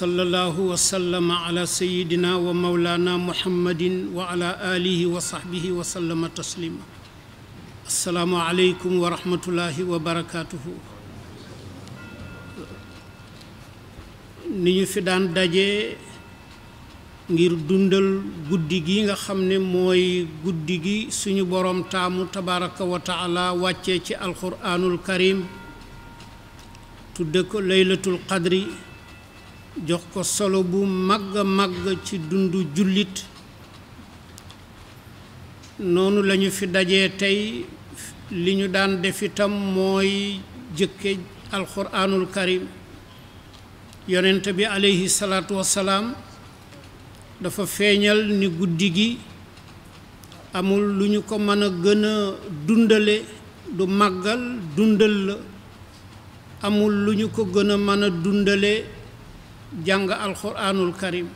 وصلى الله وسلم wa سيدنا ومولانا محمد وعلى آله وصحبه وسلم ni ñu fi daan daje ngir dundal guddi gi nga xam ne mooy guddi gi suñu boroom taamu tabaraka wa taala wàccee ci alquraanul karim tudde ko laylatul qadri jox ko solo bu màgg mag màgg ci dundu jullit noonu lañu fi daje tey li ñu daan def itam mooy jëkke alxuraanul karim yonent bi aleyhi salaatu wassalaam dafa feeñal ni guddi gi amul lu ñu ko mën a gën a dundale du màggal dundal la amul lu ñu ko gën a mën a dundale jàng alxuraanul karim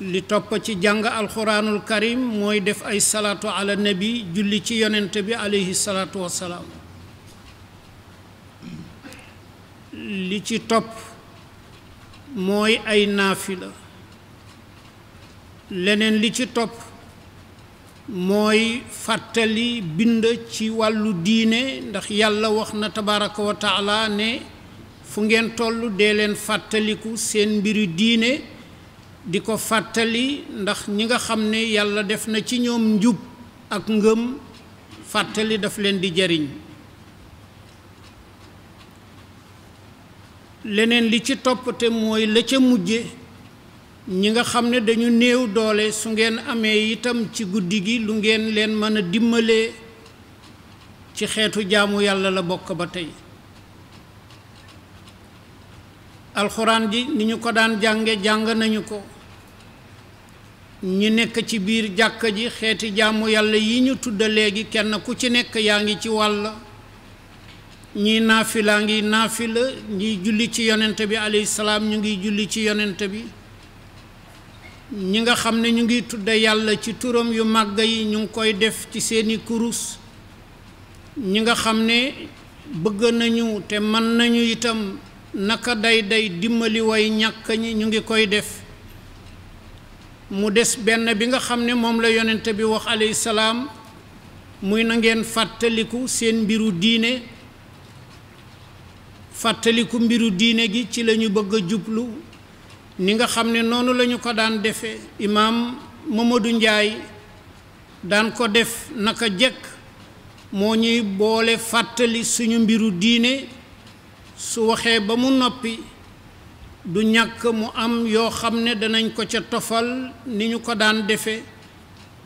li topp ci jàng alxuraanul karim mooy def ay salaatu ala nabi julli ci yonent bi aleyhi salaatu wassalaam li ci topp mooy ay naafila leneen li ci topp mooy fàttali bind ci wàllu diine ndax yàlla wax na tabaraka wa ne fu ngeen tollu dee leen fàttaliku seen mbiru diine di ko fàttali ndax ñi nga xam ne yàlla def na ci ñoom njub ak ngëm fàttali daf leen di jariñ leneen li ci toppate mooy la ca mujje ñi nga xam ne dañu néew doole su ngeen amee itam ci guddi gi lu ngeen leen mën a dimbalee ci xeetu jaamu yàlla la bokk ba tey alxuraan ji ni ñu ko daan jànge jàng nañu ko ñi nekk ci biir jàkk ji xeeti jàmm yàlla yi ñu tudd léegi kenn ku ci nekk yaa ngi ci wàll ñii naafilaa ngi naafila ñiy julli ci yonent bi alayhi salaam ñu ngi julli ci yonent bi ñi nga xam ne ñu ngi tudd yàlla ci turam yu màgg yi ñu ngi koy def ci seeni kurus ñi nga xam ne bëgg nañu te mën nañu itam naka day day dimmali way ñàkk ñi ñu ngi koy def mu des benn bi nga xam ne moom la yonent bi wax alayhi salaam muy nangeen fàttaliku seen mbiru diine fàttaliku mbiru diine gi ci lañu bëgg a jublu ni nga xam ne noonu lañu ko daan defe imaam Mamadou Njaay daan ko def naka jëkk moo ñuy boole fàttali suñu mbiru diine su waxee ba mu noppi du ñàkk mu am yoo xam ne danañ ko ca tofal ni ñu ko daan defe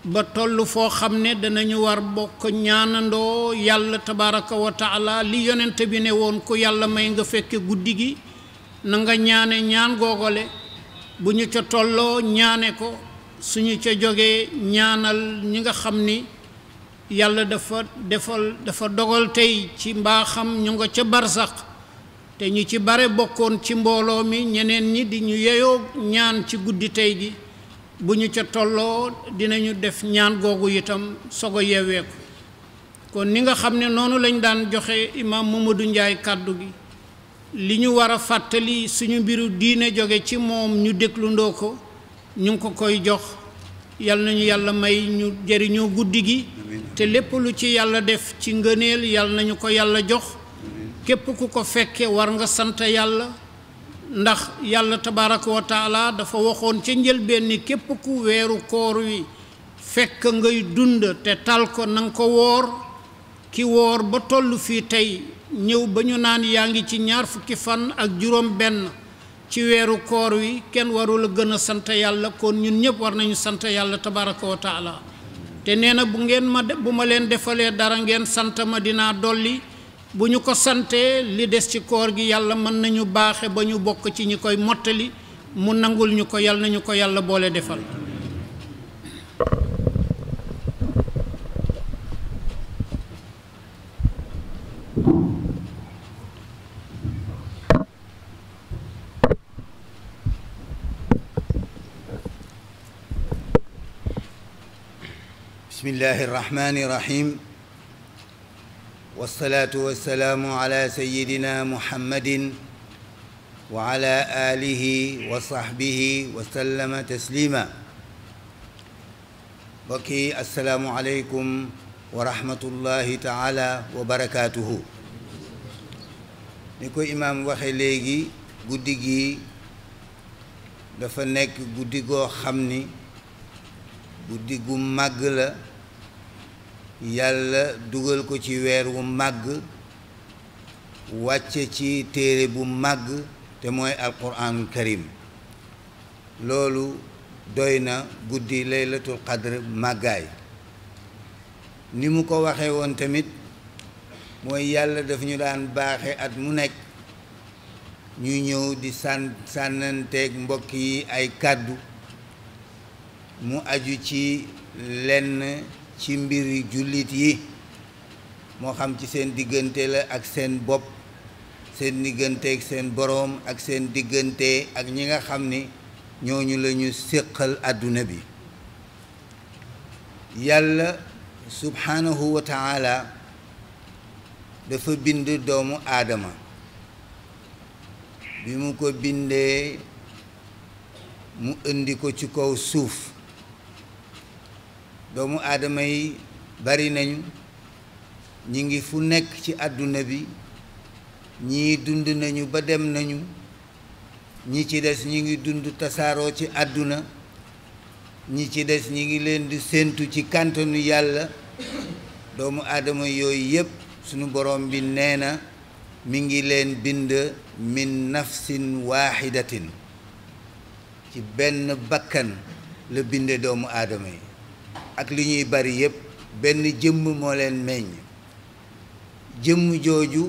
ba toll foo xam ne danañu war bokk ñaanandoo yàlla tabaraka wa li yonent bi ne woon ku yàlla may nga fekke guddi gi na nga ñaane ñaan googale bu ñu ca tolloo ñaane ko suñu ca jógee ñaanal ñi nga xam ni yàlla dafa defal dafa dogal tey ci mbaaxam ñu nga ca barsax te ñu ci bare bokkoon ci mbooloo mi ñeneen ñi di ñu yeyoo ñaan ci guddi tey bi bu ñu ca tolloo dinañu def ñaan googu itam sogo yeweeku kon ni nga xam ne noonu lañ daan joxe imaam Mamadou Ndiaye kàddu gi li ñu war a fàttali suñu mbiru diine joge ci moom ñu déglundoo ko ñu ngi ko koy jox yal nañu yàlla may ñu jëriñoo guddi gi te lépp ci yàlla def ci ngëneel yal nañu ko yàlla jox képp ku ko fekke war nga sant yàlla ndax yàlla tabaraka wa dafa waxoon ca njëlbeen ni képp ku weeru koor wi fekk ngay dund te tal ko nang ko woor ki woor ba toll fii tey ñëw ba ñu naan yaa ngi ci ñaar fukki fan ak juróom benn ci weeru koor wi kenn warul a gën a sant yàlla kon ñun ñëpp war nañu sant yàlla tabaraka wa te nee na bu ngeen ma bu ma leen defalee dara ngeen sant ma dinaa dolli bu ñu ko santee li des ci koor gi yàlla mën nañu baaxe ba ñu bokk ci ñi koy mottali mu nangul ñu ko yàlla nañu ko yàlla boole defal bismillahi rahmaani rahim wasalaatu wasalaamu ala sayidina muhammadin wa ala alihi wa sahbihi wa sallama taslima mbokk yi asalaamu aleykum wa rahmatullahi taala wa barakaatuhu ni ko imaam waxe léegi guddi gi dafa nekk guddi goo xam ni guddi gu màgg la yàlla dugal ko ci weer wu màgg wàcce ci téere bu màgg te mooy alquranul karim loolu doy na guddi laylatul qadr màggaay ni mu ko waxee woon tamit mooy yàlla daf ñu daan baaxe at mu nekk ñu ñëw di sàn sànnanteeg mbokk yi ay kàddu mu aju ci lenn ci mbir jullit yi moo xam ci seen diggante la ak seen bopp seen diggante ak seen boroom ak seen diggante ak ñi nga xam ni ñooñu lañu ñu séqal àdduna bi yàlla subhaanahu wa dafa bind doomu aadama bi mu ko bindee mu indi ko ci kaw suuf doomu aadama yi bari nañu ñi ngi fu nekk ci àdduna bi ñii dund nañu ba dem nañu ñi ci des ñi ngi dund tasaaroo ci àdduna ñi ci des ñi ngi leen di séentu ci kàntanu yàlla doomu aadama yooyu yépp sunu borom bi nee na mu ngi leen bind min nafsin waaxidatin ci benn bakkan la binde doomu aadama yi ak li ñuy bari yépp benn jëmm moo leen meññ jëmm jooju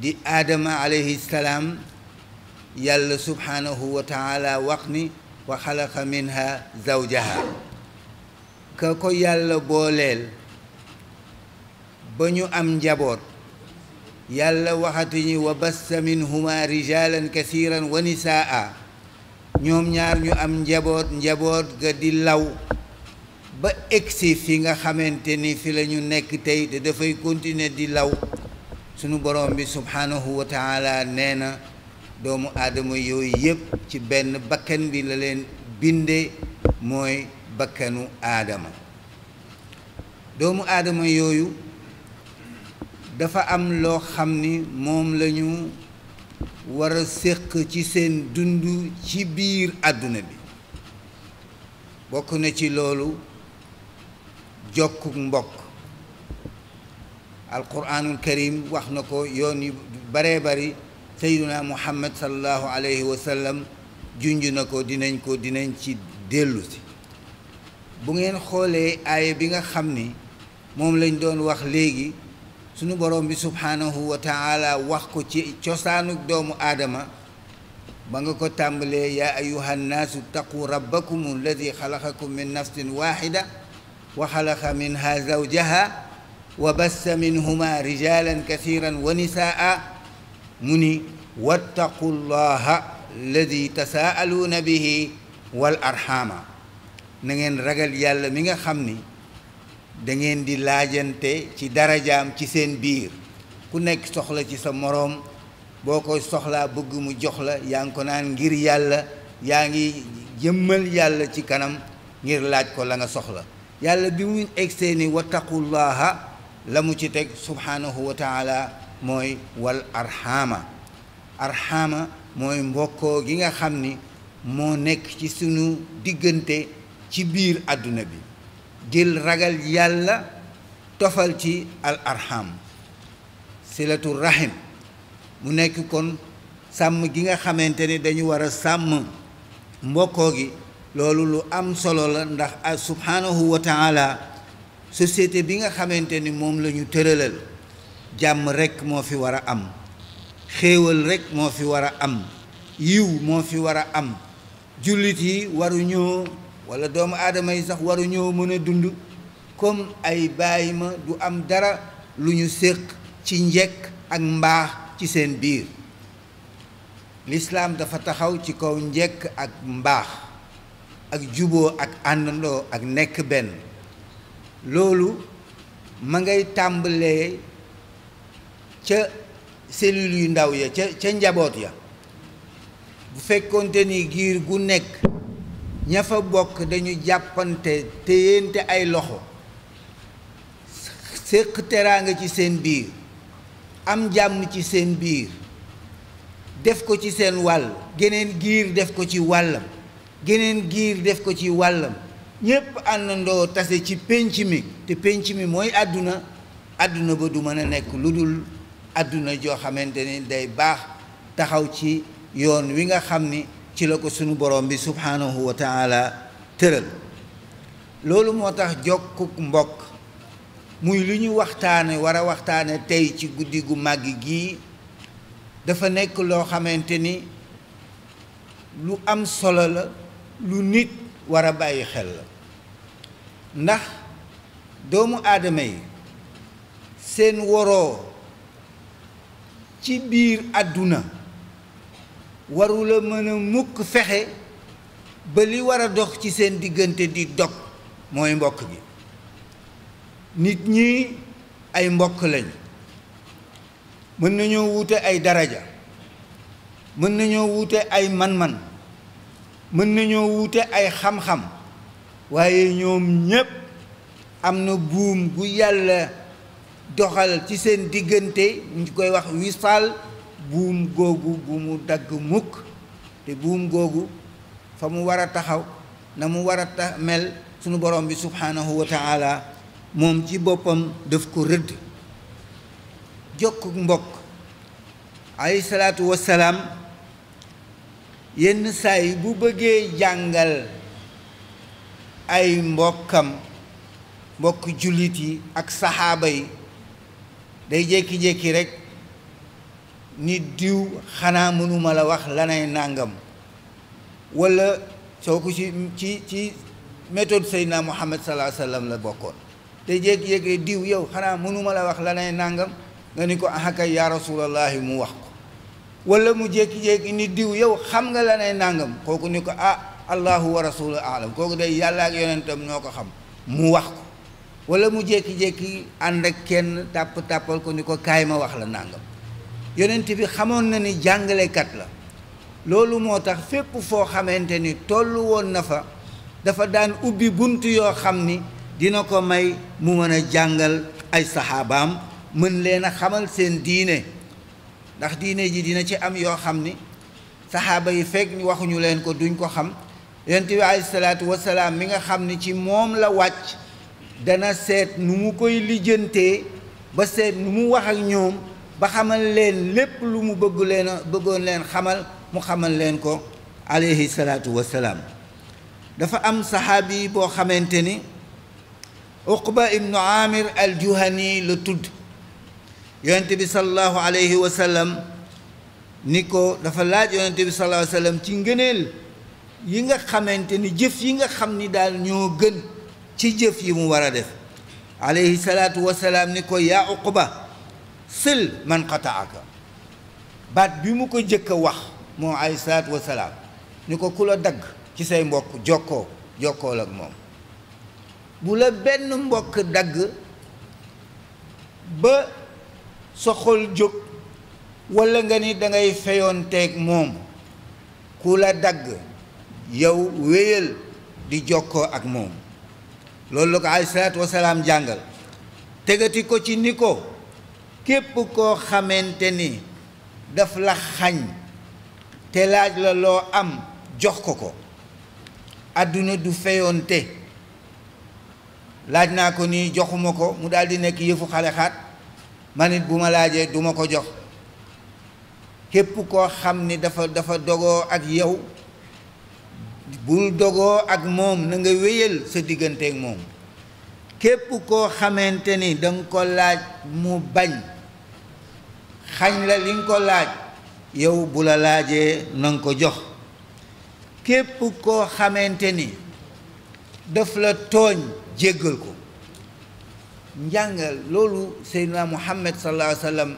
di aadama alayhi salaam yàlla subhaanahu wa taala wax ni wa xalaqa minha zawjaha ka ko yàlla booleel ba ñu am njaboot yàlla waxatiñu ñi wa bassa minhuma rijalan kasiran wa nisaa ñoom ñaar ñu am njaboot njaboot ga di law ba egsi fi nga xamante ni fi lañu nekk tey te dafay continuer di law sunu borom bi subhaanahu wa nee na doomu aadama yooyu yépp ci benn bakkan bi la leen binde mooy bakkanu aadama doomu aadama yooyu dafa am loo xam ni moom lañu wara war séq ci seen dund ci biir àdduna bi bokk na ci loolu jokkuk mbokk alquranul karim wax na ko yoon yu baree bari sayduna muhammad salallahu alayhi wa junj na ko dinañ ko dinañ ci dellu bu ngeen xoolee aaya bi nga xam ni moom lañ doon wax léegi sunu borom bi subhaanahu wa wax ko ci cosaanu doomu aadama ba nga ko tàmbalee ya ayuha nnaasu taqu rabbakum alladi xalaqakum min nafsin waxida وخلق منها زوجها وبث منهما رجالا كثيرا ونساء ni واتقوا الله الذي تساءلون به والأرحام na ngeen ragal yàlla mi nga xam ni dangeen di laajante ci darajaam ci seen biir ku nekk soxla ci sa moroom boo koy soxla bëgg mu jox la yaa ngi ko naan ngir yàlla yaa ngi jëmmal yàlla ci kanam ngir laaj ko la nga soxla yàlla bi mu egsee ni wattaqullaha la mu ci teg subhanahu wa taala mooy wal arxaama arxaama mooy mbokkoo gi nga xam ni moo nekk ci suñu diggante ci biir àdduna bi jël ragal yàlla tofal ci al arxam silatu rahim mu nekk kon sàmm gi nga xamante ne dañu war a sàmm mbokkoo gi loolu lu am solo la ndax a subhaanahu wa taala société bi nga xamante ni moom lañu ñu tëralal jàmm rekk moo fi war a am xéewal rekk moo fi war a am yiw moo fi war a am jullit yi waruñoo walla doomu aadama yi sax waruñoo mën a dund comme ay bàyyi ma du am dara lu ñu séq ci njekk ak mbaax ci seen biir lislaam dafa taxaw ci kaw njekk ak mbaax ak juboo ak àndandoo ak nekk benn loolu ma ngay tàmbalee ca cellules yu ndaw ya ca ca njaboot ya bu fekkonte ni giir gu nekk ña fa bokk dañu jàppante téyante ay loxo séq teraanga ci seen biir am jàmm ci seen biir def ko ci seen wàll geneen giir def ko ci wàllam geneen giir def ko ci wàllam ñépp àndandoo tase ci pénc mi te pénc mi mooy àdduna àdduna ba du mën a nekk lu dul àdduna joo xamante ni day baax taxaw ci yoon wi nga xam ni ci la ko sunu borom bi subhaanahu wa tëral loolu moo tax jokkuk mbokk muy lu ñu waxtaane war a waxtaane tey ci guddi gu màgg gii dafa nekk loo xamante ni lu am solo la lu nit war a bàyyi xel la ndax doomu aadama yi seen woroo ci biir àdduna warula mën a mukk fexe ba li war a dox ci seen diggante di dog mooy mbokk gi nit ñi ay mbokk lañu mën nañoo wuute ay daraja mën nañoo wuute ay man-man mën nañoo wuute ay xam-xam waaye ñoom ñépp am na buum gu yàlla doxal ci seen diggante ñu koy wax wisaal buum googu bu mu dagg mukk te buum googu fa mu war a taxaw na mu war a ta mel sunu borom bi subhaanahu wa taala moom ci boppam daf ko rëdd jokk mbokk alayhi salaatu wassalaam yenn saa yi bu bëggee jàngal ay mbokkam mbokk jullit yi ak saxaaba yi day jékki-jékki rekk nit diw xanaa mënuma la wax lanay nàngam walla soo ko ci ci ci méthode Seydina Muhammad salaa sallam la bokkoon day jékki-jékki diw yow xanaa mënuma la wax lanay nàngam nga ni ko ahakay yaa rasulallahi mu wax ko wala mu jékki-jékki ni diw yow xam nga la ne nàngam kooku ni ko ah allahu wa rasulu alam kooku day yàlla ak yonentam ñoo ko xam mu wax ko wala mu jékki-jékki ànd ak kenn tàpp tàppal ko ni ko kaay ma wax la nàngam yonent bi xamoon na ni jàngalekat la loolu moo tax fépp foo xamante ni tollu woon na fa dafa daan ubbi bunt yoo xam ni dina ko may mu mën a jàngal ay saxaabaam mën leen a xamal seen diine ndax diine ji dina ci am yoo xam ni saxaaba yi fekk waxuñu leen ko duñ ko xam yonent bi alayhi salaatu wasalaam mi nga xam ni ci moom la wàcc dana seet nu mu koy lijjantee ba seet nu mu wax ak ñoom ba xamal leen lépp lu mu bëgg bëggoon leen xamal mu xamal leen ko alayhi salaatu wasalaam dafa am saxaabi boo xamante ni uqba ibnu amir al juhani la tudd yonent bi sallallahu alayhi wa sallam ni ko dafa laaj yonent bi sallallahu alayhi wa sallam ci ngëneel yi nga xamante ni jëf yi nga xam ni daal ñoo gën ci jëf yi mu war a def alayhi salaatu wa salaam ni ko yaa uquba sil baat bi mu ko jëkk a wax moom alayhi salaatu wa ko ku la dagg ci say mbokk jokkoo jokkool ak moom bu la benn mbokk dagg ba sa xol jóg walla nga ni dangay feyoon teeg moom ku la dagg yow wéyal di jokkoo ak moom loolu la ko aleyhi salaatu wasalaam jàngal tegati ko ci ni ko képp koo xamante ni daf la xañ te laaj la loo am jox ko ko àdduna du feyoonte laaj naa ko nii joxuma ko mu daal di nekk yëfu xale xaat manit bu ma laajee duma ko jox képp koo xam ni dafa dafa dogoo ak yow bul dogoo ak moom na nga wéyal sa diggante moom képp koo xamante ni danga ko laaj mu bañ xañ la li nga ko laaj yow bu la laajee na ko jox képp koo xamante ni daf la tooñ jéggal ko njàngal loolu seydina muhammad sallallahu alayhi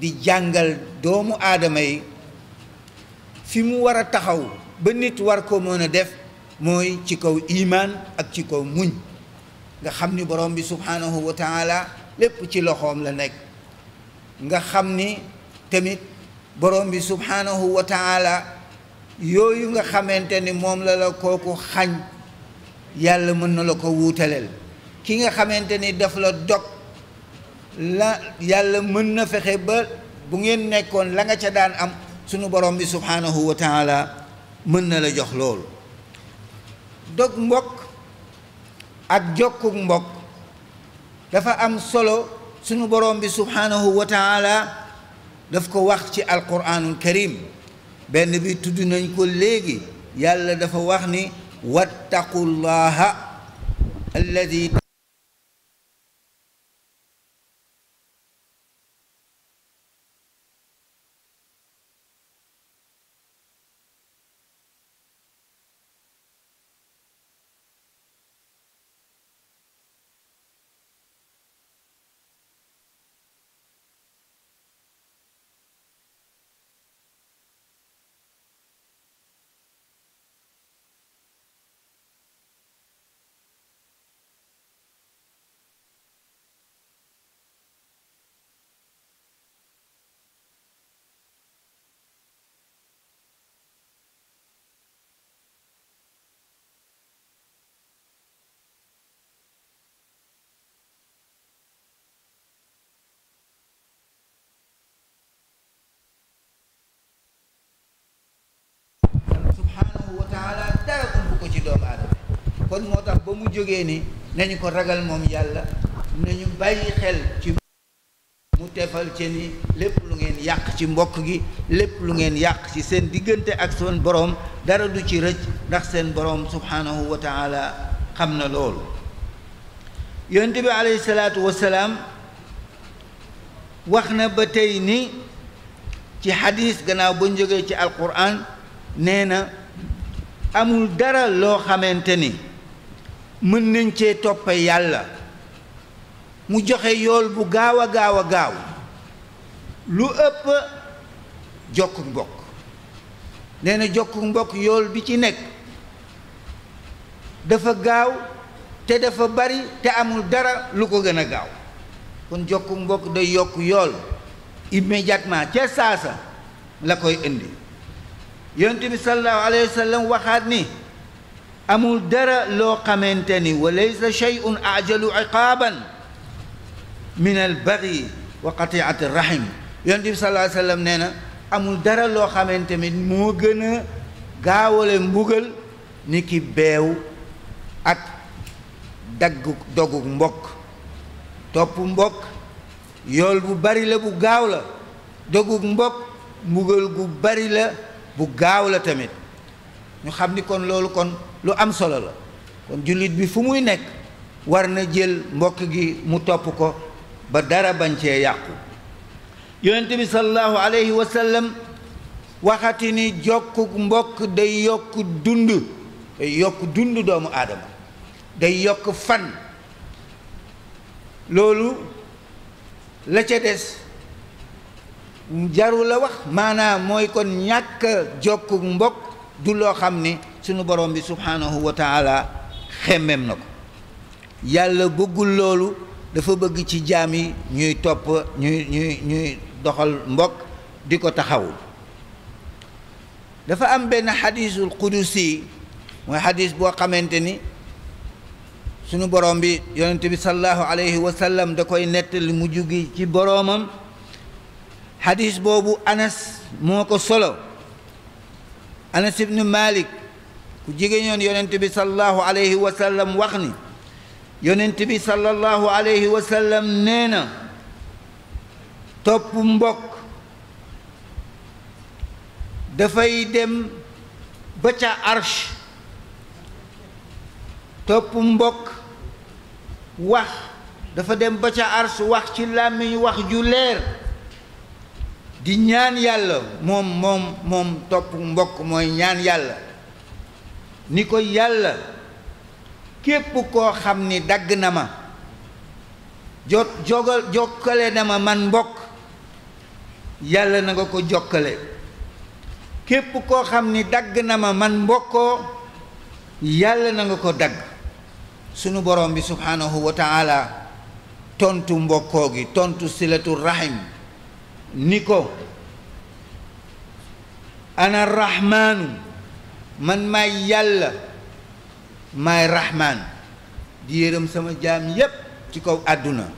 di jàngal doomu aadama yi fi mu war a taxaw ba nit war ko mën a def mooy ci kaw imaan ak ci kaw muñ nga xam ni borom bi subhanahu wa taala lépp ci loxoom la nekk nga xam ni tamit borom bi subhanahu wa taala yooyu nga xamante ni moom la la ko xañ yàlla mën na la ko wuutaleel ki nga xamante ni daf la dog la yàlla mën na fexe ba bu ngeen nekkoon la nga ca daan am sunu borom bi subhaanahu wa taala mën na la jox loolu dog mbokk ak jokkuk mbokk dafa am solo sunu borom bi subhaanahu wa taala daf ko wax ci alquraanul karim benn bi tudd nañ ko léegi yàlla dafa wax ni wattaqullaha alladi kon moo tax ba mu jógee ni nañu ko ragal moom yàlla nañu bàyyi xel ci mu tefal ci ni lépp lu ngeen yàq ci mbokk gi lépp lu ngeen yàq ci seen diggante ak seen boroom dara du ci rëcc ndax seen boroom subhaanahu wa taala xam na loolu yonent bi alayhi salaatu wasalaam wax na ba tey ni ci xadis gannaaw ba jógee ci alquran nee na amul dara loo xamante ni mën nañ cee toppe yàlla mu joxe yool bu gaaw a gaaw a gaaw lu ëpp jokku mbokk nee na jokku mbokk yool bi ci nekk dafa gaaw te dafa bari te amul dara lu ko gën a gaaw kon jokku mbokk day yokk yool immédiatement ca saasa la koy indi yonent bi sallallahu alayhi wa waxaat ni amul dara loo xamante ni wa laysa shay'un ajalu iqaaban min bari baghi wa qati'ati rahim yonent bi sallallahu wa sallam nee na amul dara loo xamante ni moo gën a gaawale mbugal ni ki beew ak daggu doggu mbokk topp mbokk yool bu bari la bu gaaw la doggu mbokk mbugal gu bari la bu gaaw la tamit ñu xam ni kon loolu kon lu am solo la kon jullit bi fu muy nekk war na jël mbokk gi mu topp ko ba dara bañ cee yàqu yonent bi sallallahu alayhi wa sallam waxati ni jokku mbokk day yokk dund day yokk dund doomu aadama day yokk fan loolu la ca des jaru wax maanaam mooy kon ñàkk jokku mbokk du loo xam ni sunu borom bi subhaanahu wa taala xemmem na ko yàlla bëggul loolu dafa bëgg ci jaam yi ñuy topp ñuy ñuy ñuy doxal mbokk di ko taxawul dafa am benn xadiisul qudusi mooy xadiis boo xamante ni sunu borom bi yonent bi sallallahu alayhi wa sallam da koy nettali mu jugi ci boroomam xadiis boobu anas moo ko solo anas ibnu malik ku jigéñoon yonent bi sallallahu alayhi wa sallam wax ni yonent bi sallallahu alayhi wasalam nee na topp mbokk dafay dem ba ca arsh topp mbokk wax dafa dem ba ca arsh wax ci làmmiñ wax ju leer di ñaan yàlla moom moom moom topp mbokk mooy ñaan yàlla ni ko yàlla képp koo xam ni dagg na ma jot jogal jokkale na ma man mbokk yàlla na nga ko jokkale képp koo xam ni dagg na ma man mbokkoo yàlla na nga ko dagg sunu borom bi subhaanahu wa tontu mbokkoo gi tontu silatu rahim ni ko ana rahmaanu man maay yàlla maay rahmaan di yërëm sama jaan yépp ci kaw àdduna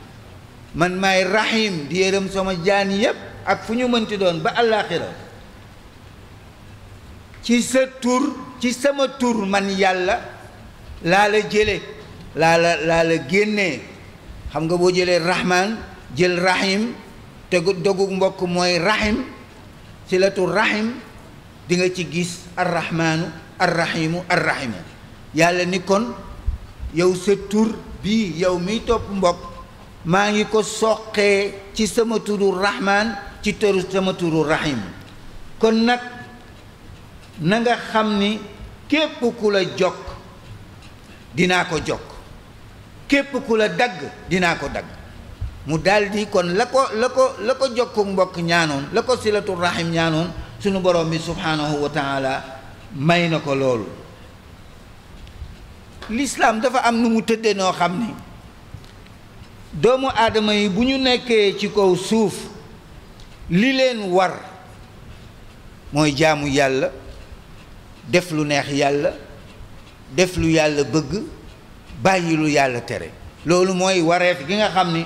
man maay rahim di yërëm sama jaan yépp ak fu ñu mënti doon ba àllaaxira ci sa tur ci sama tur man yàlla laa la jële laa la la génnee xam nga boo jëlee raxmaan jël rahim te dogu mbokk mooy rahim si la tur di nga ci gis arrahmaanu arrahimu arrahimu yàlla ni kon yow sa tur bii yow miy topp mbokk maa ngi ko soqee ci sama turu rahmaan ci turu sama turu rahim kon nag na nga xam ni képp ku la jokk dinaa ko jokk képp ku la dagg dinaa ko dagg mu daldi kon la ko la ko la ko jokku mbokk ñaanoon la ko silatu rahim ñaanoon sunu borom bi subhaanahu wa taala may na ko loolu lislaam dafa am nu mu tëddee noo xam ni doomu aadama yi bu ñu nekkee ci kaw suuf li leen war mooy jaamu yàlla def lu neex yàlla def lu yàlla bëgg bàyyi lu yàlla tere loolu mooy wareef gi nga xam ni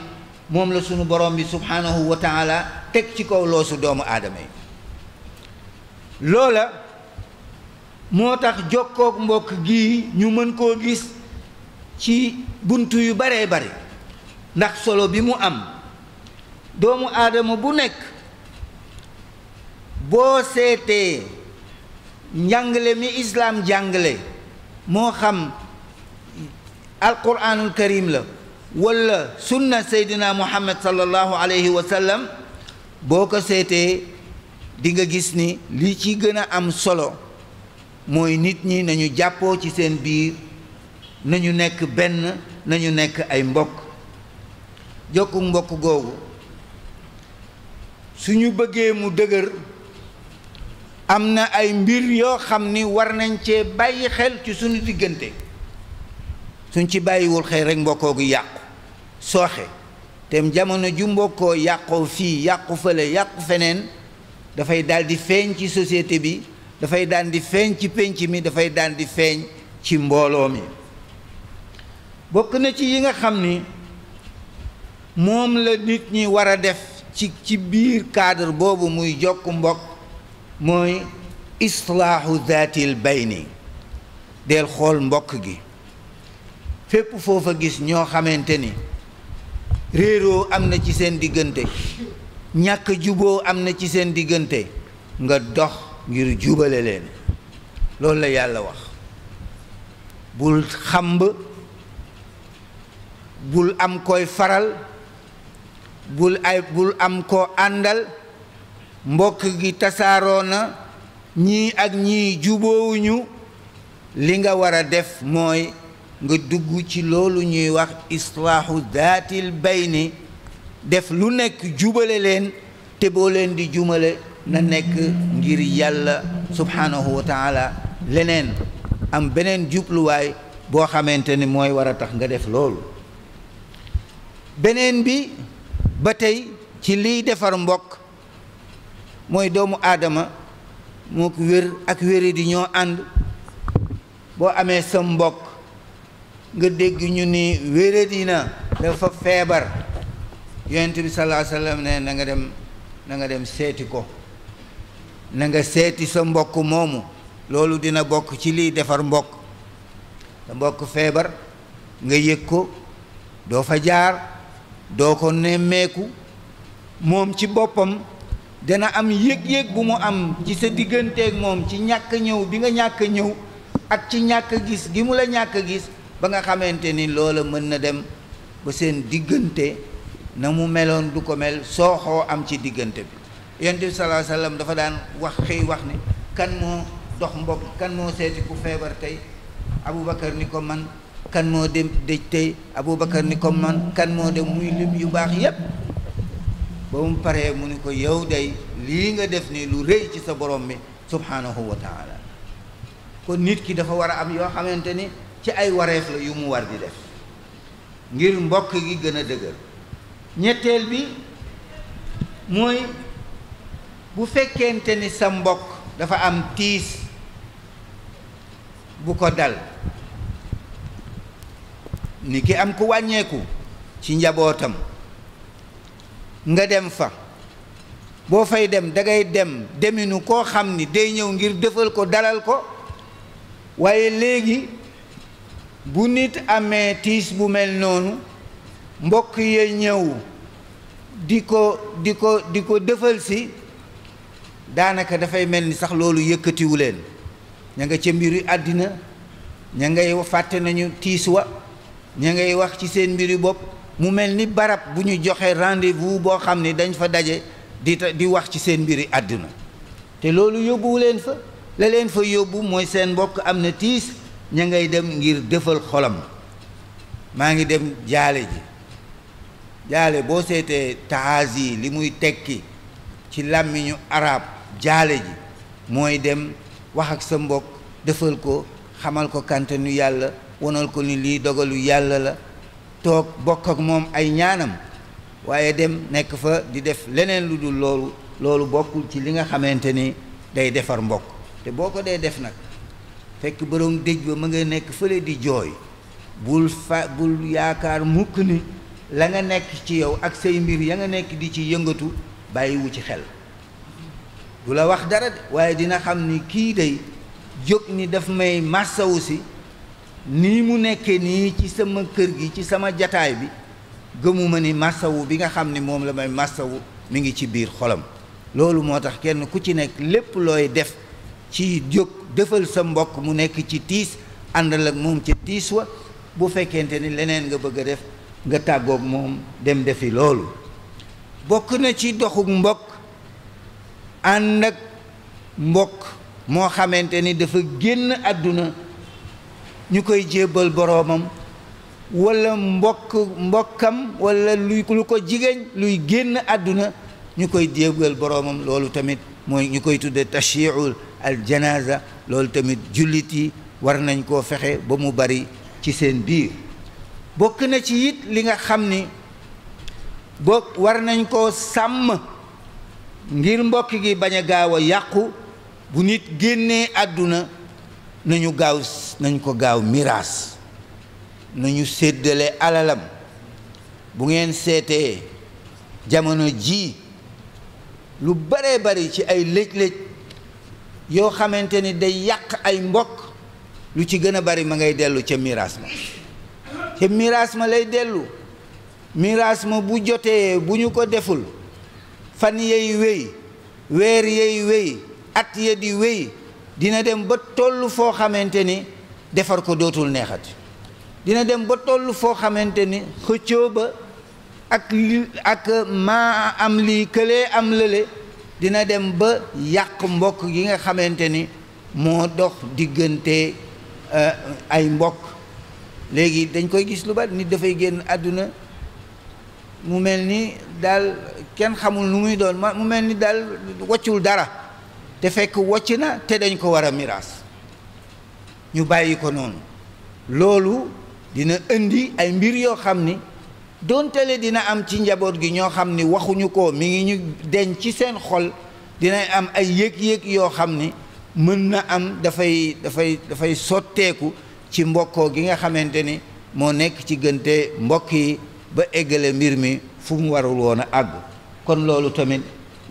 moom la sunu borom bi subhaanahu wa taala teg ci kaw loosu doomu aadama yi loola moo tax jokkook mbokk gi ñu mën koo gis ci bunt yu baree bari ndax solo bi mu am doomu aadama bu nekk boo seetee njàngale mi islaam jàngale moo xam alquranul karim la wala sunna seydina muhammad sallallahu alayhi wa sallam boo ko seetee dinga gis ni li ci gën a am solo mooy nit ñi nañu jàppoo ci seen biir nañu nekk benn nañu nekk ay mbokk jokku mbokk googu suñu bëggee mu dëgër am na ay mbir yoo xam ni war nañ cee bàyyi xel ci suñu diggante suñ ci bàyyiwul xel rekk mbokkoo gi yàqu sooxe tem jamono ju mbokkoo yàqoo fii yàqu fële yàqu feneen dafay daldi di feeñ ci société bi dafay daan di feeñ ci pénc mi dafay daan di feeñ ci mbooloo mi bokk na ci yi nga xam ni moom la nit ñi war a def ci ci biir cadre boobu muy jokk mbokk mooy islaahu bay ni del xool mbokk gi fépp foofa gis ñoo xamante ni réeroo am na ci seen diggante ñàkk juboo am na ci seen diggante nga dox ngir jubale leen loolu la yàlla wax bul xamb bul am koy faral bul ay bul am koo àndal mbokk gi tasaaroo na ñii ak ñii juboowuñu li nga war a def mooy nga dugg ci loolu ñuy wax islaaxu daatil ni def lu nekk jubale leen te boo leen di jumale na nekk ngir yàlla subhaanahu wa leneen am beneen jubluwaay boo xamante ni mooy war a tax nga def loolu beneen bi ba tey ci liy defar mbokk mooy doomu aadama moo wér ak wéri ñoo ànd boo amee sa mbokk nga dégg ñu ni wéradi na dafa feebar yonent bi salaa ne nanga dem nanga dem seeti ko na nga seeti sa mbokk moomu loolu dina bokk ci liy defar mbokk sa mbokk feebar nga yëg ko doo fa jaar doo ko nemmeeku moom ci boppam dana am yëg-yëg bu mu am ci sa diggante digganteeg moom ci ñàkk ñëw bi nga ñàkk ñëw ak ci ñàkk gis gi mu la ñàkk gis ba nga xamante ni loola mën na dem ba seen diggante na mu meloon du ko mel soo sooxoo am ci diggante bi yonent bi salaa sallam dafa daan wax xëy wax ni kan moo dox mbokk kan moo seeti ku feebar tey abu ni ko man kan moo dem dëj tey ni ko man kan moo dem muy lim yu baax yépp ba mu paree mu ni ko yow day lii nga def nii lu rëy ci sa borom bi subhanahu wa taala kon nit ki dafa war a am yoo xamante ni ci ay wareef la yu mu war di def ngir mbokk gi gën a dëgër ñetteel bi mooy bu fekkente ni sa mbokk dafa am tiis bu ko dal ni ki am ko wàññeeku ci njabootam nga dem fa boo fay dem dangay dem deminu koo xam ni day ñëw ngir defal ko dalal ko waaye léegi bu nit amee tiis bu mel noonu mbokk yee ñëw di ko di ko di ko dëfal si daanaka dafay mel ni sax loolu yëkkatiwu leen ña nga ca mbiru àddina ña ngay fàtte nañu tiis wa ña ngay wax ci seen mbiru bopp mu mel ni barab bu ñu joxe rendez-vous boo xam ne dañ fa daje di di wax ci seen mbiru àddina te loolu yóbbuwu leen fa la leen fa yóbbu mooy seen mbokk am na tiis ña ngay dem ngir dëfal xolam maa ngi dem jaale ji jaale boo seetee taas yi li muy tekki ci làmmiñu arab jaale ji mooy dem wax ak sa mbokk defal ko xamal ko kantanu yàlla wonal ko ni lii dogalu yàlla la toog bokk ak moom ay ñaanam waaye dem nekk fa di def leneen lu dul loolu loolu bokkul ci li nga xamante ni day defar mbokk te boo ko dee def nag fekk borom dëj ba mu nga nekk fële di jooy bul fa bul yaakaar mukk ni la nga nekk ci yow ak say mbir ya nga nekk di ci yëngatu bàyyiwu ci xel lu la wax dara de waaye dina xam ni kii day jóg ni daf may màssawu si ni mu nekkee nii ci sama kër gi ci sama jataay bi gëmuma ni màssawu bi nga xam ni moom la may màssawu mu ngi ci biir xolam loolu moo tax kenn ku ci nekk lépp looy def ci jóg defal sa mbokk mu nekk ci tiis àndal ak moom ca tiis wa bu fekkente ni leneen nga bëgg a def nga tàggoog moom dem defi loolu bokk na ci doxuk mbokk ànd ak mbokk moo xamante ni dafa génn àdduna ñu koy jébbal boroomam walla mbokk mbokkam walla luy lu ko jigéen luy génn àdduna ñu koy jébbal boroomam loolu tamit mooy ñu koy tudde tashiul al janaza loolu tamit jullit yi war nañ koo fexe ba mu bari ci seen biir bokk na ci it li nga xam ni bokk war nañ koo sàmm ngir mbokk gi bañ a gaaw a yàqu bu nit génnee àdduna nañu gaaw nañ ko gaaw miraas nañu séddale alalam bu ngeen seetee jamono ji lu bare bari ci ay lëj-lëj yoo xamante ni day yàq ay mbokk lu ci gën a bari ma ngay dellu ca miraas ma ca miraas ma lay dellu miraas ma bu jotee bu ñu ko deful fan yey wéy weer yey wéy at ya di wéy dina dem ba toll foo xamante ni defar ko dootul neexat dina dem ba toll foo xamante ni xëccoo ba ak li ak maa am lii këlee am lële dina dem ba yàq mbokk gi nga xamante ni moo dox diggante eh, ay mbokk léegi dañ koy gis lu bari nit dafay génn àdduna mu mel ni daal kenn xamul nu muy doon mu mel ni daal waccul dara te fekk wocc na te dañ ko war a miraas ñu bàyyi ko noonu loolu dina indi ay mbir yoo xam ni doontele dina am ci njaboot gi ñoo xam ni waxuñu ko mi ngi ñu deñ ci seen xol dina am ay yëg-yëg yoo xam ni mën na am dafay dafay dafay sotteeku ci mbokkoo gi nga xamante ni moo nekk ci gënte mbokk yi ba eggale mbir mi fu mu warul woon àgg kon loolu tamit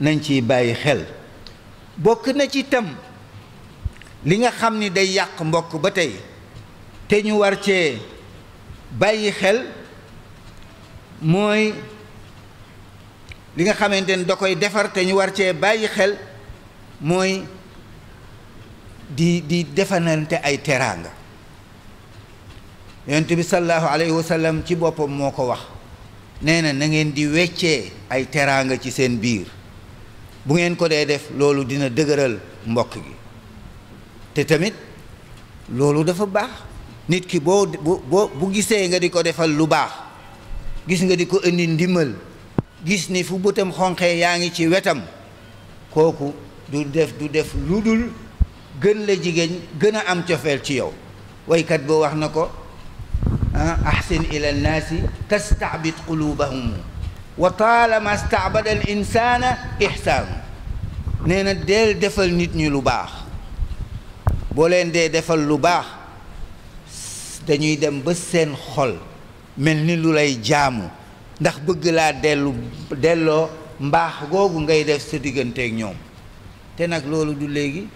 nañ ciy bàyyi xel bokk na ci tam li nga xam ni day yàq mbokk ba tey te ñu war cee bàyyi xel mooy li nga xamante ni da koy defar te ñu war cee bàyyi xel mooy di di defanante ay teraanga yonent bi sallallahu alayhi wa ci boppam moo ko wax nee na na ngeen di weccee ay teraanga ci seen biir bu ngeen ko dee def loolu dina dëgëral mbokk gi te tamit loolu dafa baax nit ki boo boo bu gisee nga di ko defal lu baax gis nga di ko indi ndimbal gis ni fu bëtam xonqe yaa ngi ci wetam kooku du def du def lu dul gën la jigéen gën a am cofeel ci yow waykat boo wax na ko ahsin ila nnaasi tastaabid quluubahum wa taalama staabada al insaana ihsaanu nee na deel defal nit ñi lu baax boo leen dee defal lu baax dañuy dem ba seen xol mel ni lu lay jaamu ndax bëgg laa dellu delloo mbaax googu ngay def sa digganteeg ñoom te nag loolu du léegi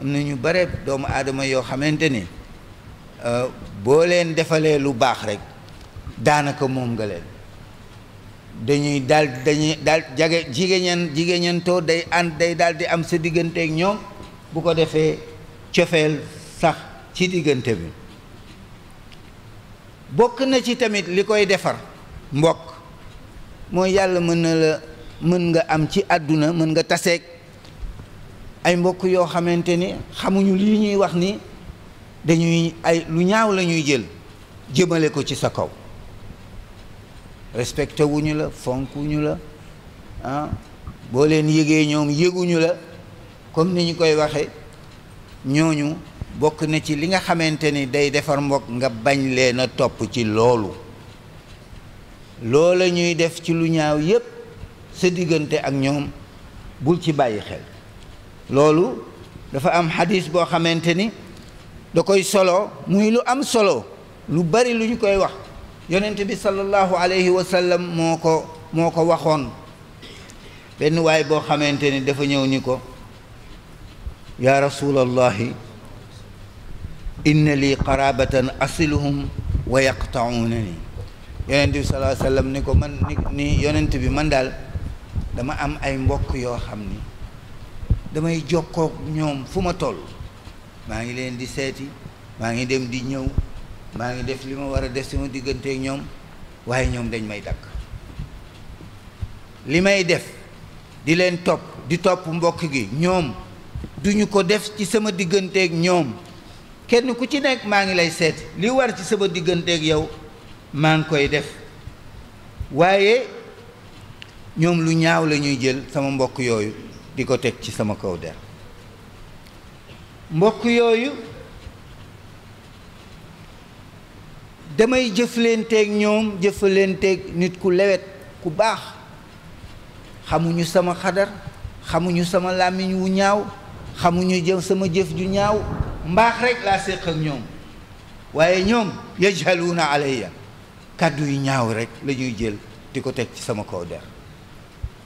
am na ñu bare doomu aadama yoo xamante ni Euh, boo leen defalee lu baax rek daanaka moom nga leen dañuy daal dañuy daal jage jigéen jigéenantoo day ànd day daal di am sa diggante ak ñoom bu ko defee cofeel sax ci diggante bi bokk na ci tamit li koy defar mbokk mooy yàlla mën na la mën nga am ci àdduna mën nga taseeg ay mbokk yoo xamante ni xamuñu li ñuy wax ni dañuy ay lu ñaaw lañuy jël jëmale ko ci sa kaw respecté wuñu la fonkuñu la ah boo leen yëgee ñoom yëguñu la comme ni ñu koy waxe ñooñu bokk na ci li nga xamante ni day defar mbokk nga bañ leen topp ci loolu loola ñuy def ci lu ñaaw yépp sa diggante ak ñoom bul ci bàyyi xel loolu dafa am xadis boo xamante ni da koy solo muy lu am solo lu bari lu ñu koy wax yonent bi sallallahu alayhi wa sallam moo ko moo ko waxoon benn waay boo xamante ni dafa ñëw ni ko yaa rasulallahi inna li qarabatan asiluhum wa yaqtauna ni yonent bi sallallahu alayhi ni ko man ni ni yonent bi man daal dama am ay mbokk yoo xam ni damay jokkook ñoom fu ma toll maa ngi leen di seeti maa ngi dem di ñëw maa ngi def li ma war a def sama digganteeg ñoom waaye ñoom dañ may takk li may def di leen topp di topp mbokk gi ñoom duñu ko def ci sama digganteeg ñoom kenn ku ci nekk maa ngi lay seet li war ci sama digganteeg yow maa ngi koy def waaye ñoom lu ñaaw la ñuy jël sama mbokk yooyu di ko teg ci sama kaw der mbokk yooyu damay jëflanteeg ñoom jëflanteeg nit ku lewet ku baax xamuñu sama xadar xamuñu sama làmmiñ wu ñaaw xamuñu jëf sama jëf ju ñaaw mbaax rek laa séq ak ñoom waaye ñoom yajhaluuna ya kàddu yu ñaaw rekk la ñuy jël di ko teg ci sama kaw der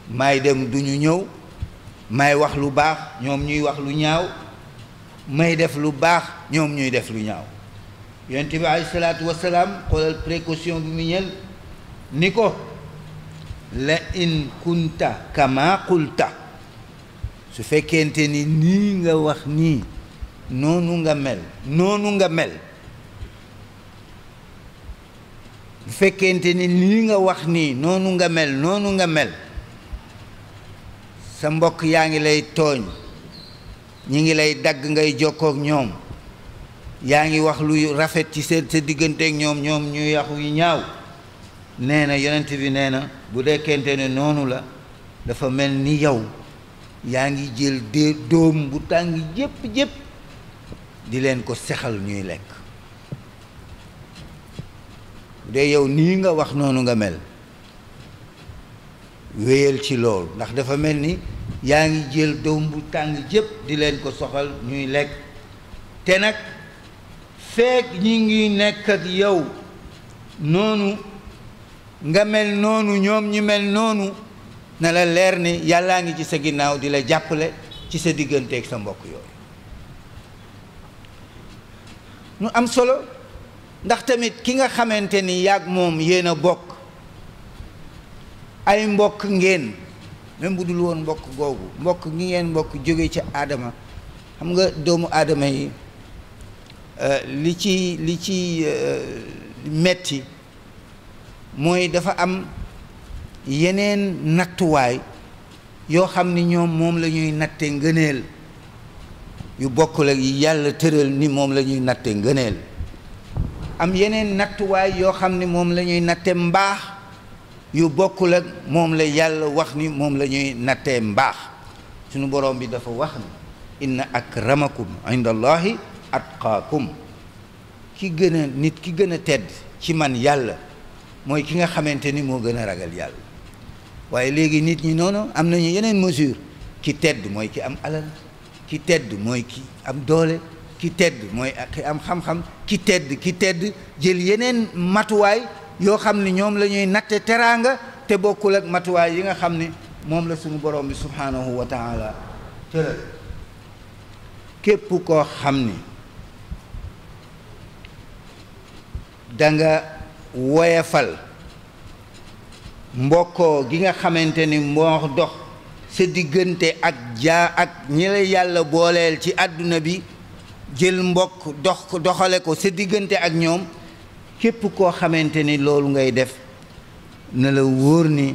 maay dem duñu ñëw maay wax lu baax ñoom ñuy wax lu ñaaw may def lu baax ñoom ñuy def lu ñaaw yonent bi alayhi salaatu wasalaam xoolal précaution bi mu ñël ni ko la in kunta kama su wax nii noonu nga mel noonu nga fekkente ni nii nga wax nii noonu nga mel noonu nga mel sa mbokk yaa ngi lay tooñ ñi ngi lay dagg ngay jokkook ñoom yaa ngi wax lu rafet ci seen sa digganteek ñoom ñoom ñu yaxu yi ñaaw nee na yonent bi nee na bu dekkente ne noonu la dafa mel ni yow yaa ngi jël dé dóom bu tàng yépp yépp di leen ko sexal ñuy lekk bu dee yow nii nga wax noonu nga mel wéyal ci loolu ndax dafa mel ni yaa ngi jël doom bu tàng jëpp di leen ko soxal ñuy lekk te nag feek ñi ngi nekk yow noonu nga mel noonu ñoom ñu mel noonu na la leer ni yàllaa ngi ci sa ginnaaw di la jàppale ci sa digganteeg sa mbokk yooyu ñu am solo ndax tamit ki nga xamante ni yàgg moom yéen bokk ay mbokk ngeen même bu dul woon mbokk googu mbokk ngi ngeen mbokk jóge ca aadama xam nga doomu aadama yi euh, li ci li ci euh, metti mooy dafa am yeneen nattuwaay yoo xam ni ñoom moom la ñuy natte ngëneel yu bokk la yàlla tëral ni moom lañuy ñuy natte ngëneel am yeneen nattuwaay yoo xam ni moom lañuy ñuy natte mbaax yu bokkul ak moom la yàlla wax ni moom lañuy ñuy nattee mbaax suñu borom bi dafa wax na inna akramakum inda allahi atqaakum ki gën a nit ki gën a tedd ci man yàlla mooy ki nga xamante ni moo gën a ragal yàlla waaye léegi nit ñi noonu am nañu yeneen mesure ki tedd mooy ki am alal ki tedd mooy ki am doole ki tedd mooy ki am xam-xam ki tedd ki tedd jël yeneen matuwaay yoo xam ni ñoom lañuy ñuy natte teraanga te bokkul ak matuwaay yi nga xam ni moom la suñu borom bi subhaanahu wa taala tëral képp koo xam ni danga woyafal mbokkoo gi nga xamante ni moo dox sa diggante ak jaa ak ñi la yàlla booleel ci àdduna bi jël mbokk dox doxale ko sa diggante ak ñoom képp koo xamante ni loolu ngay def na la wóor ni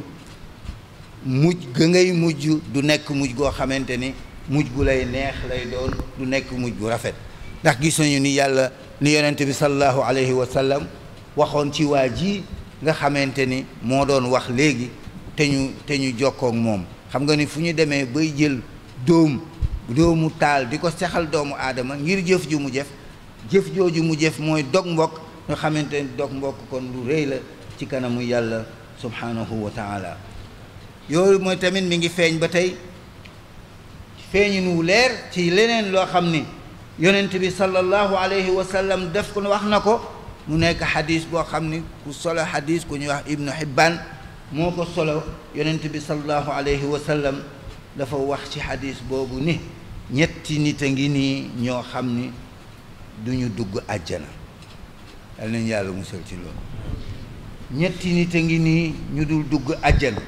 mujj ga ngay mujj du nekk mujj goo xamante ni mujj bu lay neex lay doon du nekk mujj bu rafet ndax gis nañu ni yàlla ni yonent bi sallallahu alayhi wa sallam waxoon ci waa ji nga xamante ni moo doon wax léegi te ñu te ñu jokkoog moom xam nga ni fu ñu demee bay jël dóom dóomu taal di ko sexal doomu aadama ngir jëf ju mu jëf jëf jooju mu jëf mooy dog mbokk nga xamante ni dog mbokk kon lu réy la ci kanamu yàlla subhanahu wa taala yooyu mooy tamit mi ngi feeñ ba tey feeñin wu leer ci leneen loo xam ni yonent bi sallallahu alayhi wa sallam def ko wax na ko mu nekk xadis boo xam ni ku solo xadis ku ñuy wax ibnu Hibban moo ko solo yonent bi sallallahu alayhi wa sallam dafa wax ci xadis boobu ni ñetti nit a ngi nii ñoo xam ni duñu dugg àjjana yal nañu yàlla musal ci loolu ñetti nit a ngi nii ñu dul dugg àjjana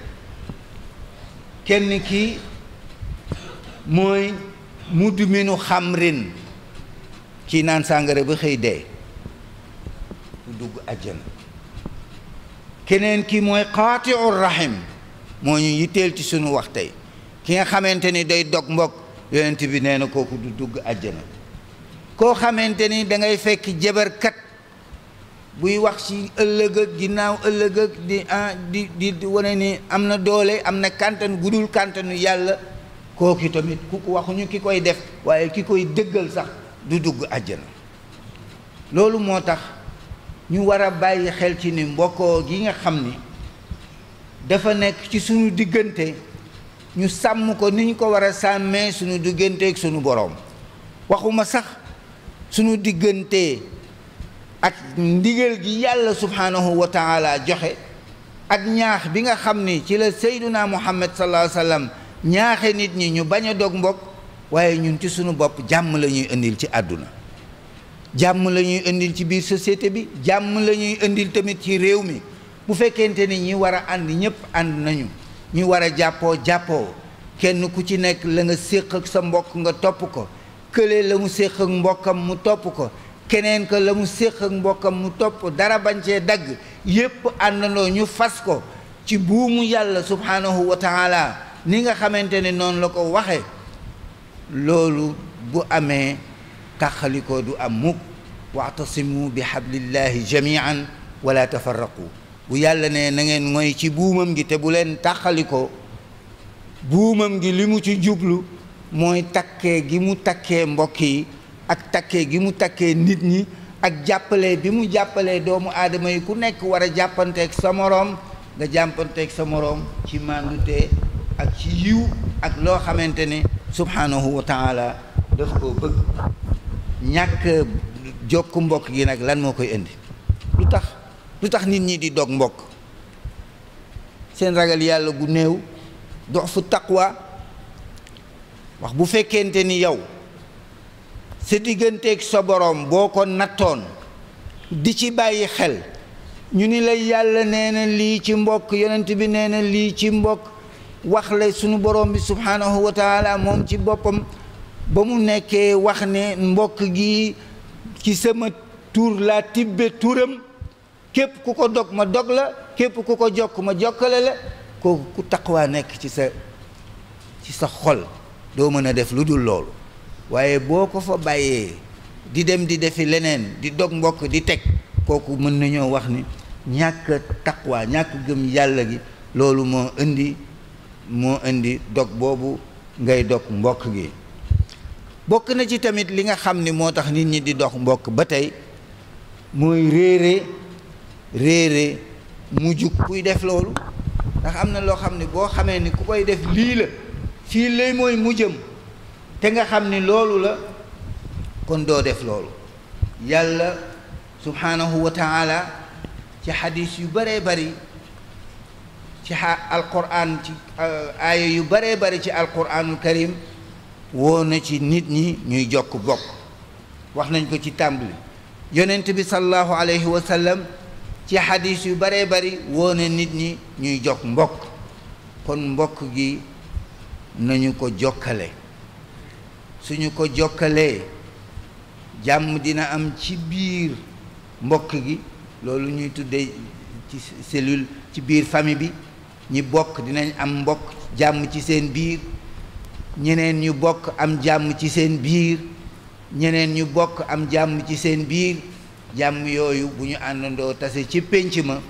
kenn ki mooy mudminu xamrin ci naan sàngara ba xëy dee du dugg àjjana keneen ki mooy xaatiu rahim moo ñu yitteel ci sunu wax tey ki nga xamante ni day dog mbokk yonent bi nee na kooku du dugg àjjana koo xamante ni da fekk jabarkat buy wax ci ëllëg ak ginnaaw ëllëg ak di ah, di di di wane ni am na doole am na kàntan gudul kàntanu yàlla kooku tamit ku ko waxuñu ki koy def waaye ki koy dëggal sax du dugg àjjana loolu moo tax ñu war a bàyyi xel ci ni mbokkoo gi nga xam ni dafa nekk ci suñu diggante ñu sàmm ko ni ñu ko war a sàmmee suñu digganteek ak suñu boroom waxuma sax suñu diggante ak ndigal gi yàlla subhaanahu wa taala joxe ak ñaax bi nga xam ni ci la sayduna muhammad sallallahu alayhi wa ñaaxe nit ñi ñu bañ a dog mbokk waaye ñun ci suñu bopp jàmm lañuy indil ci àdduna jàmm lañuy indil ci biir société bi jàmm lañuy indil tamit ci réew mi bu fekkente ni ñi war a ànd ñëpp ànd nañu ñu war a jàppoo jàppoo kenn ku ci nekk la nga séq sa mbokk nga topp ko kële la mu séq ak mbokkam mu topp ko keneen que la mu séq ak mbokkam mu topp dara bañ cee dagg yépp àndandoo ñu fas ko ci buumu yàlla subhaanahu wa taala ni nga xamante ne noonu la ko waxe loolu bu amee taxalikoo du am mukk waxtasimu bi xablillahi jamian wala tafarraqu bu yàlla ne na ngeen mooy ci buumam gi te bu leen taxalikoo buumam gi li mu ci jublu mooy takkee gi mu takkee mbokk yi ak takkee gi mu takkee nit ñi ak jàppale bi mu jàppalee doomu aadama yi ku nekk war a jàppanteeg sa moroom nga jàppanteeg sa moroom ci màndute ak ci yiw ak loo xamante ne subhaanahu wa taala daf koo bëgg ñàkk jokku mbokk gi nag lan moo koy indi lu tax lu tax nit ñi di dog mbokk seen ragal yàlla gu néew dox fu wa wax bu fekkente ni yow sa digganteek sa boroom boo ko nattoon di ci bàyyi xel ñu ni la yàlla nee na lii ci mbokk yonent bi nee na lii ci mbokk wax la sunu borom bi subhaanahu wa taala moom ci boppam ba mu nekkee wax ne mbokk gi ci sama tur laa tibbe turam képp ku ko dog ma dog la képp ku ko jokk ma jokkale la kooku ku waa nekk ci sa ci sa xol doo mën a def lu dul loolu waaye boo ko fa bàyyee di dem di defi leneen di dog mbokk di teg kooku mën nañoo wax ni ñàkk taqwa ñàkk gëm yàlla gi loolu moo indi moo indi dog boobu ngay dog mbokk gi bokk na ci tamit li nga xam ni moo tax nit ñi di dox mbokk ba tey mooy réere réere mujj kuy def loolu ndax am na loo xam ne boo xamee ni ku koy def lii la fii lay mooy mujjam te nga xam ni loolu la kon doo def loolu yàlla subhaanahu wa ci xadis yu bare bëri ci a alquran euh, yu bëree bëri ci alquranul karim woo na ci nit ñi ñuy jokk bokk wax nañ ko ci tàmbali yonent bi sallallahu alayhi wa sallam ci xadis yu bëree bari woo nit ñi ñuy jokk mbokk kon mbokk gi nañu ko jokkale suñu ko jokkalee jàmm dina am ci biir mbokk gi loolu ñuy tudde ci cellule ci biir famille bi ñi bokk dinañ am mbokk jàmm ci seen biir ñeneen jàmm ci seen biir ñeneen ñu bokk am jàmm ci seen biir jàmm yooyu bu ñu àndandoo tase ci pénc ma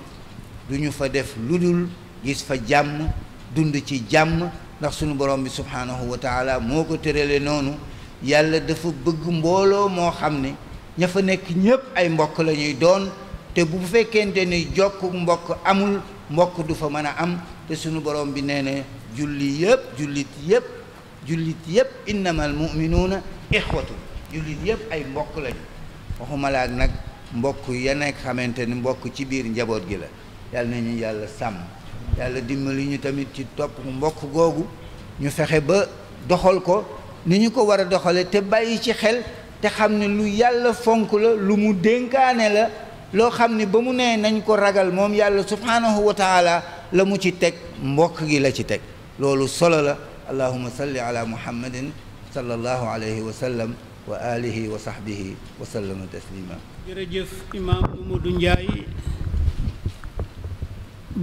du ñu fa def lu dul gis fa jàmm dund ci jàmm ndax suñu borom bi subhaanahu wa taala moo ko tërale noonu yàlla dafa bëgg mbooloo moo xam ne ña fa nekk ñépp ay mbokk la ñuy doon te bu fekkente ni jokk mbokk amul mbokk du fa mën a am te suñu borom bi nee na julli yëpp jullit yëpp jullit yëpp innamal muminuuna ixwatu jullit yëpp ay mbokk lañu waxuma la nag mbokk ya nekk xamante ni mbokk ci biir njaboot gi la yàlla nañu yàlla sàmm yàlla dimbali ñu tamit ci topp mbokk googu ñu fexe ba doxal ko ni ñu ko war a doxale te bàyyi ci xel te xam ne lu yàlla fonk la lu mu dénkaane la loo xam ne ba mu nee nañ ko ragal moom yàlla subhaanahu wa la mu ci teg mbokk gi la ci teg loolu solo la allahuma salli ala muhammadin sallallahu alayhi wa sallam wa alihi wa sahbihi wa sallama taslima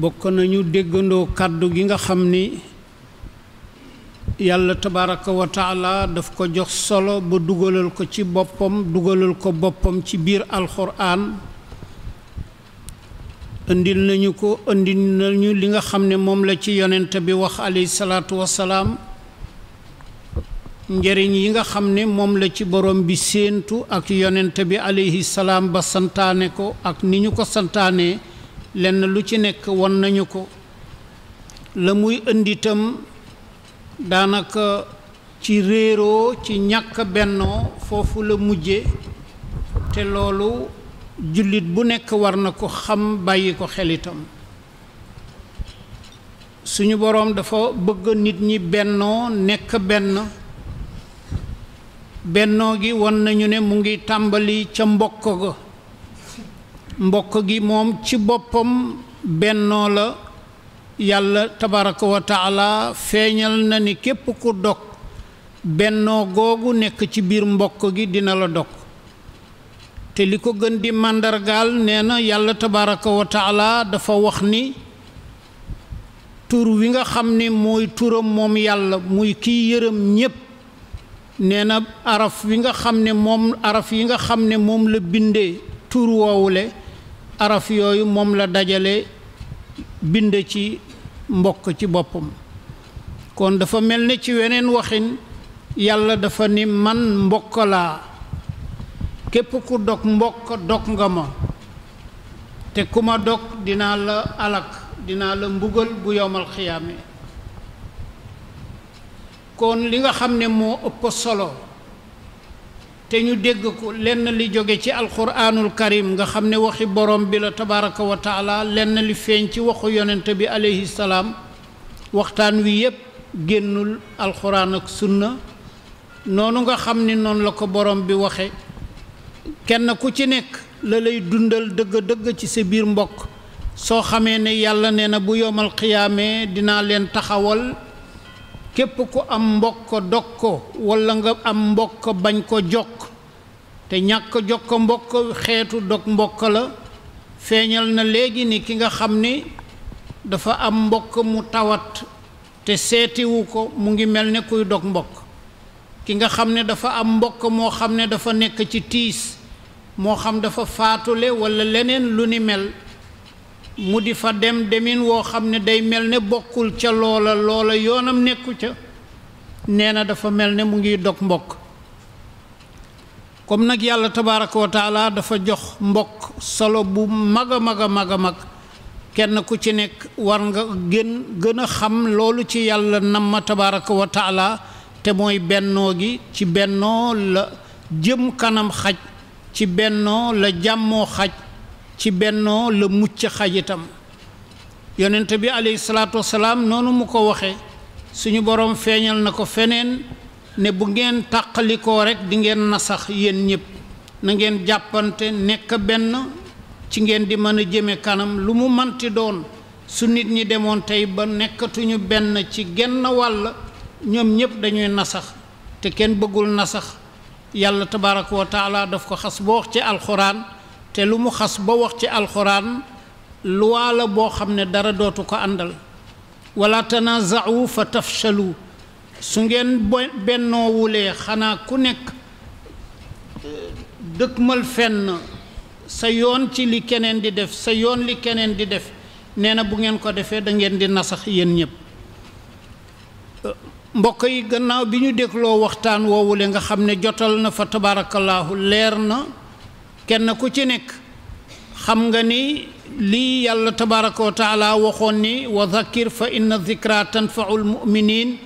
bokk nañu déggandoo kàddu gi nga xam ni yàlla tabaraka wa taala daf ko jox solo ba dugalal ko ci boppam dugalal ko boppam ci biir alxuraan indil nañu ko indi nañu li nga xam ne moom la ci yonent bi wax alayhi salaatu wasalaam njëriñ yi nga xam ne moom la ci borom bi séentu ak yonent bi alayhi salaam ba santaane ko ak ni ñu ko santaanee lenn lu ci nekk won nañu ko la muy inditam daanaka ci réeroo ci ñàkk bennoo foofu la mujje te loolu jullit bu nekk war na ko xam bàyyi ko xel suñu boroom dafa bëgg nit ñi bennoo nekk benn bennoo gi won nañu ne mu ngi tàmbali ca mbokk ga mbokk gi moom ci boppam bennoo la yàlla tabaraka wa feeñal na ni képp ku dog bennoo googu nekk ci biir mbokk gi dina la dog te li ko gën di màndargaal nee na yàlla tabaraka wa dafa wax ni tur wi nga xam ne mooy turam moom yàlla muy kiy yërëm ñépp nee na araf wi nga xam ne moom araf yi nga xam ne moom la bindee tur woowule araf yooyu moom la dajale bind ci mbokk ci boppam kon dafa mel ne ci weneen waxin yàlla dafa ni man mbokk laa képp ku dog mbokk dog nga ma te ku ma dog dinaa la alak dinaa la mbugal bu yowmal xiyaame kon li nga xam ne moo ëpp solo te ñu dégg ko lenn li jóge ci alquraanul karim nga xam ne waxi borom bi la tabaraka wa taala lenn li feeñ ci waxu yonent bi aleyhi salaam waxtaan wi yépp génnul alquraan ak sunna noonu nga xam ni noonu la ko borom bi waxe kenn ku ci nekk la lay dundal dëgg-dëgg ci sa biir mbokk soo xamee ne yàlla nee na bu yomal xiyaamee dinaa leen taxawal képp ku am mbokk dog ko walla nga am mbokk bañ ko jokk te ñàkk jokk mbokk xeetu dog mbokk la feeñal na léegi ni ki nga xam ni dafa am mbokk mu tawat te seetiwu ko mu ngi mel ne kuy dog mbokk ki nga xam ne dafa am mbokk moo xam ne dafa nekk ci tiis moo xam dafa faatule walla leneen lu ni mel mu di fa dem demin woo xam ne day mel ne bokkul ca loola loola yoonam nekku ca nee na dafa mel ne mu ngi dog mbokk kom nag yàlla tabaaraka wa dafa jox mbokk solo bu mag a mag a mag a mag kenn ku ci nekk war nga gën a xam loolu ci yàlla namma tabaaraka wa te mooy bennoo gi ci bennoo la jëm kanam xaj ci bennoo la jàmmoo xaj ci bennoo la mucc xaj itam yonent bi alayhi salaatu wasalaam noonu mu ko waxe suñu boroom feeñal na ko feneen ne bu ngeen tàqalikoo rekk dingeen nasax yéen ñépp na ngeen jàppante nekk benn ci ngeen di mën a jëme kanam lu mu manti doon su nit ñi demoon tey ba nekkatuñu benn ci genn wàll ñoom ñépp dañuy nasax te kenn bëggul nasax yàlla tabaaraka wa taala ko xas boo ci alxuraan te lu mu xas ba wax ci alxuraan luwaa boo xam ne dara dootu ko àndal wala tanaaza'u fa tafshalu su ngeen bennoo wulee xanaa ku nekk dëkkmal fenn sa yoon ci li keneen di def sa yoon li keneen di def nee na bu ngeen ko defee da ngeen di nasax yéen ñëpp mbokk yi gannaaw bi ñu dégloo waxtaan woowule nga xam ne jotal na fa tabaarakallaahu leer na kenn ku ci nekk xam nga ni lii yàlla tabaraka wa waxoon ni wa zakkir fa inna zikra tanfaul muminin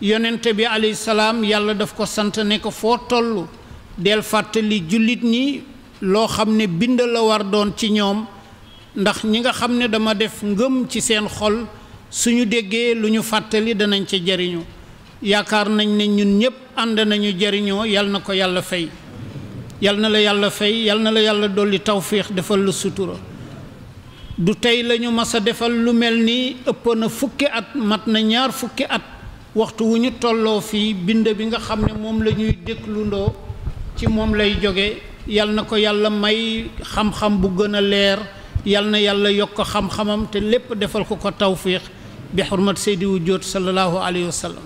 yonente bi alayhi salaam yàlla daf ko sant ne ko foo tollu del fàttali jullit ñi loo xam ne bind la war doon ci ñoom ndax ñi nga xam ne dama def ngëm ci seen xol suñu déggee lu ñu fàttali danañ ca jariñu yaakaar nañ ne ñun ñépp ànd nañu jariñoo yàlla na ko yàlla fay yal na la yàlla fay yal na la yàlla dolli tawfiix defal la sutura du tey lañu mas a defal lu mel ni ëpp na fukki at mat na ñaar fukki at waxtu wu ñu tolloo fii bind bi nga xam ne moom la ñuy déglundoo ci moom lay jóge yal na ko yàlla may xam-xam bu gën a leer yal na yàlla yokk xam-xamam te lépp defal ko ko tawfiix bi xurmat seydi wu jóot sallallahu alayhi